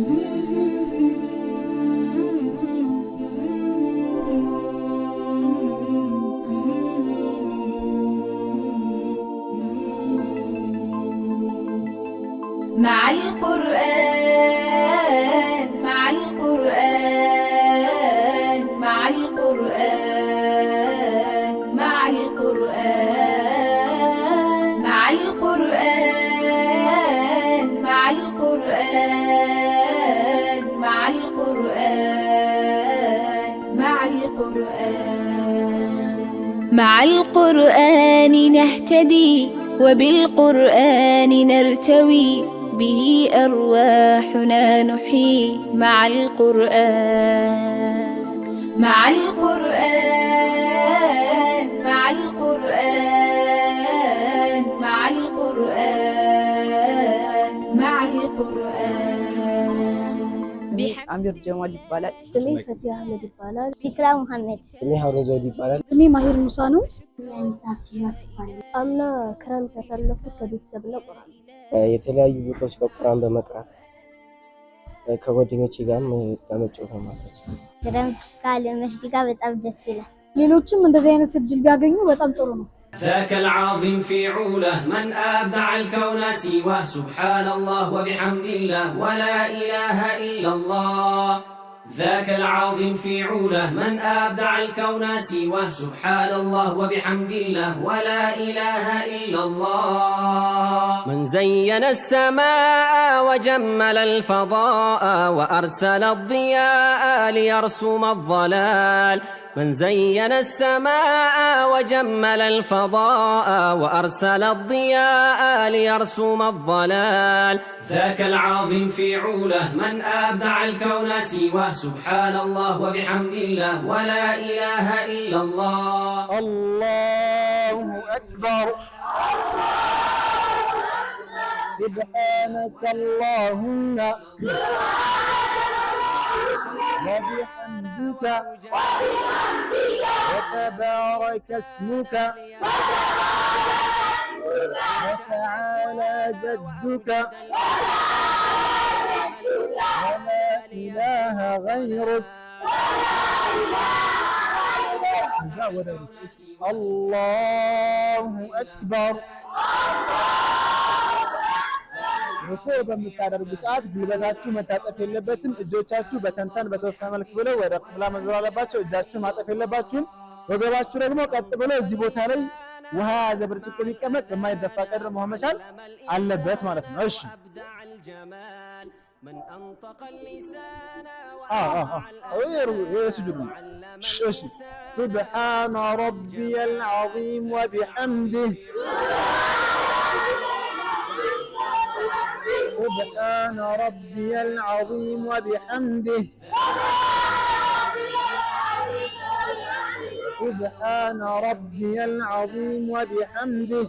Mm-hmm. مع القرآن نهتدي وبالقرآن نرتوي به أرواحنا نحيي مع القرآن مع القرآن አሚር ጀማል ይባላል። ስሜ ፈቲያ አህመድ ይባላል። ፊክራ መሐመድ። ስሜ ሀሩን ዘውድ ይባላል። ስሜ ማሂር ሙሳ ነው። አምና ክረምት ያሳለፉት ከቤተሰብ ነው። ቁርአን የተለያዩ ቦታዎች በቁርአን በመቅራት ከጓደኞቼ ጋር ለመጫወት ማሳች ክረምት ካለ መስጊድ ጋር በጣም ደስ ይላል። ሌሎችም እንደዚህ አይነት እድል ቢያገኙ በጣም ጥሩ ነው። ذاك العظيم في عوله من أبدع الكون سواه سبحان الله وبحمد الله ولا إله إلا الله ذاك العظيم في علاه من أبدع الكون سواه سبحان الله وبحمد الله ولا إله إلا الله من زين السماء وجمل الفضاء وأرسل الضياء ليرسم الظلال من زين السماء وجمل الفضاء وأرسل الضياء ليرسم الظلال ذاك العظيم في علاه من أبدع الكون سواه سبحان الله وبحمد الله ولا إله إلا الله الله أكبر سبحانك اللهم وبحمدك وتبارك اسمك وتعالى جدك لا اله غيرك الله اكبر ركوع بمتعرب بسعات بلغاتو متعطف يلبتم اجوچاچو بتنتن بتوسع ملك بلا ورا قبلا مزرعه لباچو اجاچو ماطف يلبچم وغلاچو رغمو قط بلا ازي بوتا لي وها زبرچو يقمت ما يدفع قدر محمد شال አለበት ማለት ነው እሺ አብዳ الجمال من أنطق اللسان آه، آه، آه. وأطاع الأذان يسجد سبحان ربي العظيم وبحمده سبحان ربي العظيم وبحمده سبحان ربي العظيم وبحمده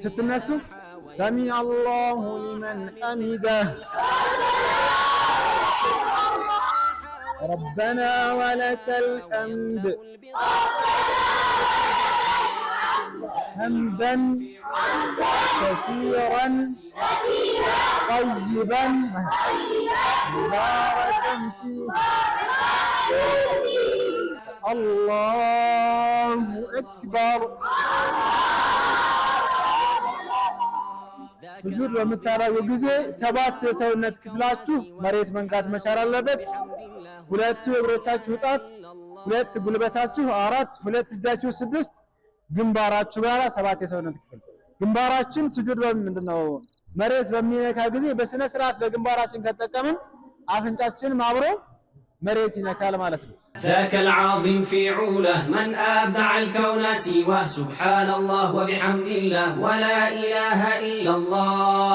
سمع الله لمن أمده ربنا ولك الحمد حمدا كثيرا طيبا مباركا فيه الله أكبر ስጁድ በምታረጉ ጊዜ ሰባት የሰውነት ክፍላችሁ መሬት መንካት መቻል አለበት። ሁለቱ እግሮቻችሁ ጣት፣ ሁለት ጉልበታችሁ አራት፣ ሁለት እጃችሁ ስድስት፣ ግንባራችሁ ጋር ሰባት የሰውነት ክፍል። ግንባራችን ስጁድ ምንድነው መሬት በሚነካ ጊዜ በስነ ስርዓት በግንባራችን ከጠቀምን አፍንጫችንም አብሮ መሬት ይነካል ማለት ذاك العظيم في عوله من أبدع الكون سواه سبحان الله وبحمد الله ولا إله إلا الله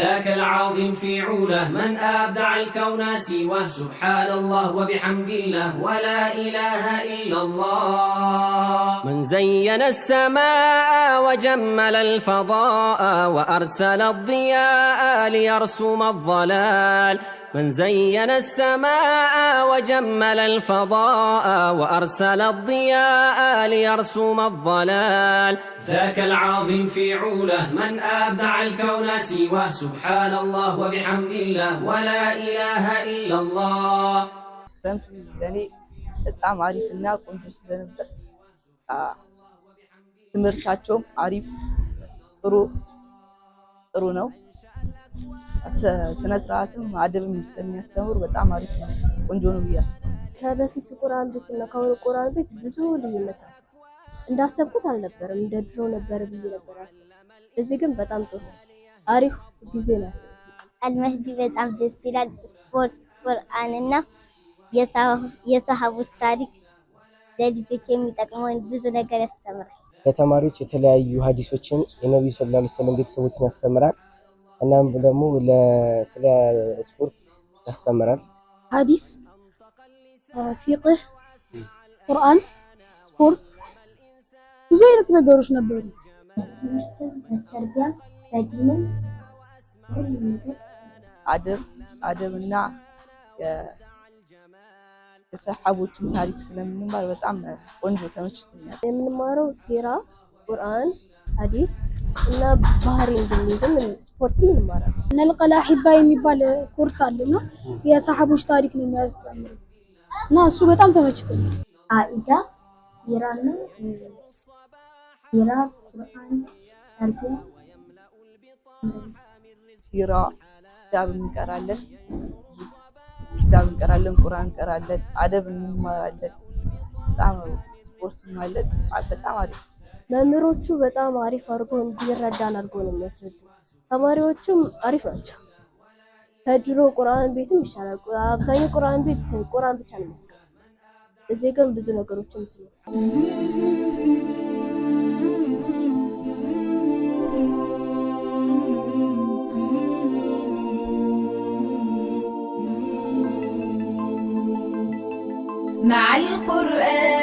ذاك العظيم في عوله من أبدع الكون سواه سبحان الله وبحمد الله ولا إله إلا الله من زين السماء وجمل الفضاء وأرسل الضياء ليرسم الظلال من زين السماء وجمل الفضاء وأرسل الضياء ليرسم الضلال ذاك العظيم في عوله من أبدع الكون سواه سبحان الله وبحمد الله ولا إله إلا الله فهمت يعني በጣም አሪፍና ቆንጆ ስለነበር ትምህርታቸውም አሪፍ ጥሩ ጥሩ ነው። ስነ ስርዓትም አደብም ስለሚያስተምሩ በጣም አሪፍ ነው፣ ቆንጆ ነው ብዬ አስባለሁ። ከበፊቱ ቁርአን ቤት እና ከአሁኑ ቁርአን ቤት ብዙ ልዩነት አለ። እንዳሰብኩት አልነበረም፣ እንደ ድሮ ነበር ብዬ ነበር እዚህ ግን በጣም ጥሩ አሪፍ ጊዜ ነው ያስብ። በጣም ደስ ይላል። ስፖርት፣ ቁርአን እና የሰሃቦች ታሪክ ለልጆች የሚጠቅመውን ብዙ ነገር ያስተምራል። ለተማሪዎች የተለያዩ ሀዲሶችን የነቢዩ ስላ ስለም ቤተሰቦችን ያስተምራል። انا بدمو ولا سلا سبورت استمر حديث آه، فقه قران سبورت زين تنقروش نبوري عدم عدم النع يسحبوا تم تاريخ سلم من بار بس عم قنجو تمشتني من مارو تيرا قرآن حديث እና ባህሪ እንድንይዝም ስፖርት እንማራለን። ነልቀላ ሂባ የሚባል ኮርስ አለ አለና የሰሐቦች ታሪክ ነው የሚያስተምሩ እና እሱ በጣም ተመችቶ አኢዳ ሲራና ሲራ ቁርአን ታርቢያ ሲራ ዳብ እንቀራለን ዳብ እንቀራለን ቁርአን እንቀራለን አደብ እንማራለን። በጣም ስፖርት ማለት በጣም አሪፍ መምህሮቹ በጣም አሪፍ አድርጎ እንዲረዳን አድርጎ ነው የሚያስረዱ። ተማሪዎቹም አሪፍ ናቸው። ከድሮ ቁርአን ቤትም ይሻላል። አብዛኛው ቁርአን ቤት ቁርአን ብቻ ነው የሚያስቀምጥ። እዚህ ግን ብዙ ነገሮችን مع القرآن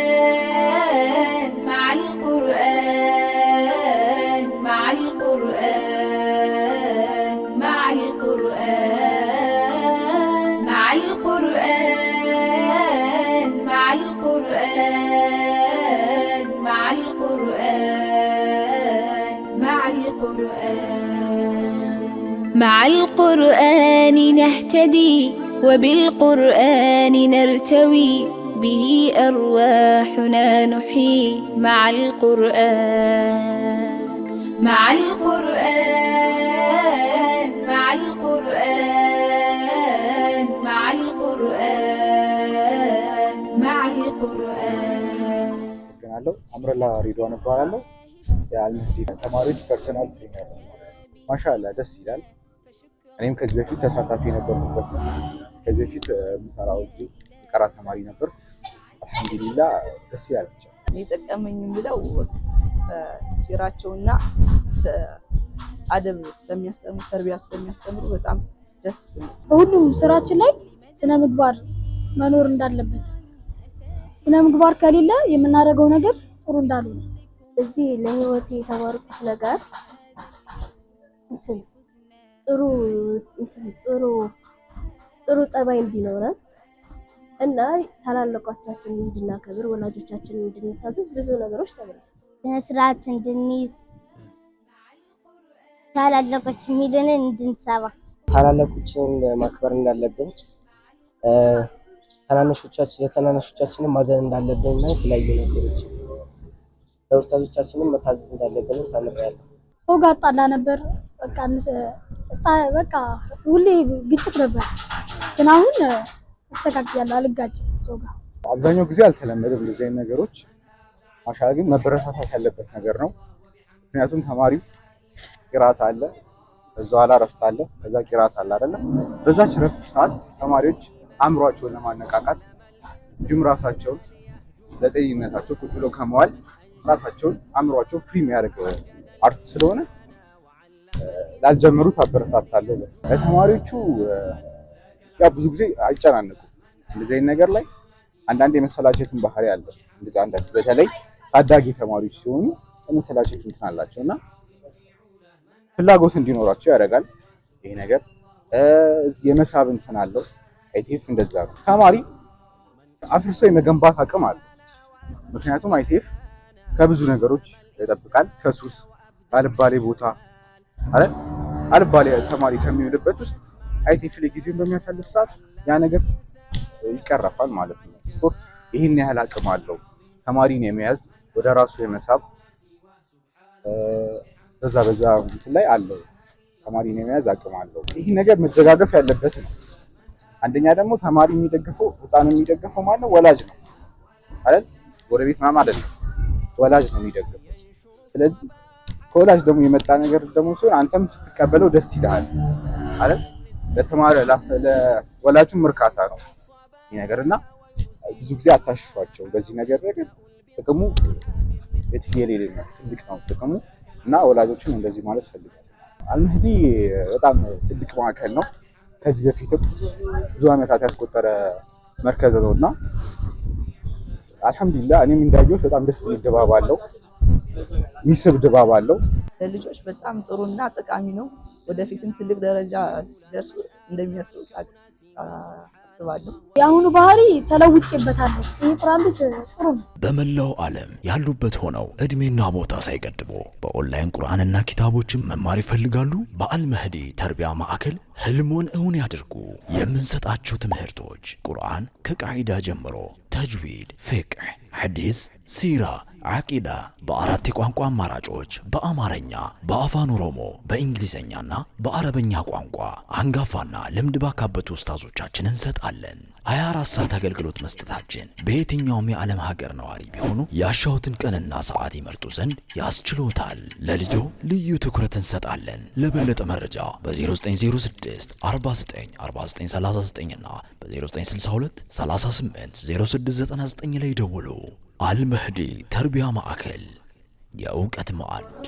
مع القرآن نهتدي وبالقرآن نرتوي به أرواحنا نحيي مع القرآن مع القرآن مع القرآن مع القرآن مع القرآن أمر الله رضوان الله ያለ ተማሪዎች ፐርሰናል ما شاء الله ደስ ይላል። እኔም ከዚህ በፊት ተሳታፊ የነበርኩበት ነው። ከዚህ በፊት የምሰራው እዚህ ቀራ ተማሪ ነበር። አልሐምዱሊላ ደስ ይላል። ብቻ የጠቀመኝ የሚለው ሲራቸውና አደብ ስለሚያስተምሩ ተርቢያ ስለሚያስተምሩ በጣም ደስ ይላል። ሁሉም ስራችን ላይ ስነ ምግባር መኖር እንዳለበት፣ ስነ ምግባር ከሌለ የምናደርገው ነገር ጥሩ እንዳልሆነ እዚህ ለህይወት የተማሩት ክፍለ ጋር ጥሩ ጥሩ ጥሩ ጸባይ እንዲኖረን እና ታላላቆቻችንን እንድናከብር ወላጆቻችንን እንድንታዘዝ ብዙ ነገሮች ተብሏል። በስርዓት እንድንይዝ ታላላቆች የሚሉንን እንድንሰማ ታላላቆችን ማክበር እንዳለብን ታናናሾቻችን ለታናናሾቻችንም ማዘን እንዳለብን እና የተለያዩ ነገሮች ለውስታዞቻችንም መታዘዝ እንዳለብን ተምሬያለሁ። ሰው ጋር ጣላ ነበር በቃ በቃ ሁሌ ግጭት ነበር፣ ግን አሁን አስተካክያለሁ። አልጋጭም ሰው ጋር አብዛኛው ጊዜ አልተለመደም እንደዚህ አይነት ነገሮች። ማሻላ ግን መበረታታት ያለበት ነገር ነው። ምክንያቱም ተማሪው ቂራት አለ፣ ከዛ ኋላ እረፍት አለ፣ ከዛ ቂራት አለ አይደለ? በዛች እረፍት ሰዓት ተማሪዎች አእምሯቸውን ለማነቃቃት እንዲሁም ራሳቸውን ለጤንነታቸው ቁጭ ብሎ ከመዋል ራሳቸውን አእምሯቸው ፍሪ የሚያደርግ አርት ስለሆነ ላልጀምሩት አበረታታለሁ። ለተማሪዎቹ ያው ብዙ ጊዜ አይጨናነቁም እንደዚህ አይነት ነገር ላይ አንዳንድ የመሰላቸትን ባህሪ አለ። እንደዚህ አንዳንድ በተለይ ታዳጊ ተማሪዎች ሲሆኑ የመሰላቸት እንትን አላቸው እና ፍላጎት እንዲኖራቸው ያደርጋል ይሄ ነገር የመሳብ እንትን አለው። አይቲኤፍ እንደዛ ነው። ተማሪ አፍርሶ የመገንባት አቅም አለ። ምክንያቱም አይቲኤፍ ከብዙ ነገሮች ይጠብቃል፣ ከሱስ ባልባሌ ቦታ አረ አልባሌ ተማሪ ከሚውልበት ውስጥ አይቴፍል ጊዜውን በሚያሳልፍ ሰዓት ያ ነገር ይቀረፋል ማለት ነው። ስፖርት ይህን ያህል አቅም አለው ተማሪን የመያዝ ወደ ራሱ የመሳብ በዛ በዛ እንትን ላይ አለው ተማሪን የመያዝ አቅም አለው። ይህ ነገር መደጋገፍ ያለበት ነው። አንደኛ ደግሞ ተማሪ የሚደግፈው ህፃን የሚደግፈው ማለት ወላጅ ነው አይደል? ጎረቤት ምናምን አይደለም፣ ወላጅ ነው የሚደግፈው። ስለዚህ ከወላጅ ደግሞ የመጣ ነገር ደግሞ ሲሆን አንተም ስትቀበለው ደስ ይልሃል ማለት ለተማረ ለወላጁ እርካታ ነው ይህ ነገር እና ብዙ ጊዜ አታሽሿቸው። በዚህ ነገር ግን ጥቅሙ የትዬ የሌለ ነው፣ ትልቅ ነው ጥቅሙ እና ወላጆችን እንደዚህ ማለት ፈልጋል። አልመህዲ በጣም ትልቅ ማዕከል ነው። ከዚህ በፊትም ብዙ ዓመታት ያስቆጠረ መርከዝ ነው እና አልሐምዱሊላ እኔም እንዳየሁት በጣም ደስ የሚገባባለው ሚስብ ድባብ አለው። ለልጆች በጣም ጥሩ እና ጠቃሚ ነው። ወደፊትም ትልቅ ደረጃ ደርሱ እንደሚያስቡት አስባለሁ። የአሁኑ ባህሪ ተለውጬበታለሁ። ይህ ቁርአን ቤት ጥሩ ነው። በመላው ዓለም ያሉበት ሆነው እድሜና ቦታ ሳይገድቦ በኦንላይን ቁርአንና ኪታቦችን መማር ይፈልጋሉ? በአልመህዲ ተርቢያ ማዕከል ህልሞን እውን ያድርጉ። የምንሰጣቸው ትምህርቶች ቁርአን ከቃዒዳ ጀምሮ ተጅዊድ፣ ፊቅህ፣ ሐዲስ፣ ሲራ አቂዳ በአራት የቋንቋ አማራጮች በአማርኛ፣ በአፋን ኦሮሞ፣ በእንግሊዝኛና በአረበኛ ቋንቋ አንጋፋና ልምድ ባካበቱ ኡስታዞቻችን እንሰጣለን። 24 ሰዓት አገልግሎት መስጠታችን በየትኛውም የዓለም ሀገር ነዋሪ ቢሆኑ ያሻሁትን ቀንና ሰዓት ይመርጡ ዘንድ ያስችሎታል። ለልጆ ልዩ ትኩረት እንሰጣለን። ለበለጠ መረጃ በ0906 49 4939 እና በ0962 38 0699 ላይ ደውሉ። አልመህዲ ተርቢያ ማዕከል የእውቀት ማዕድ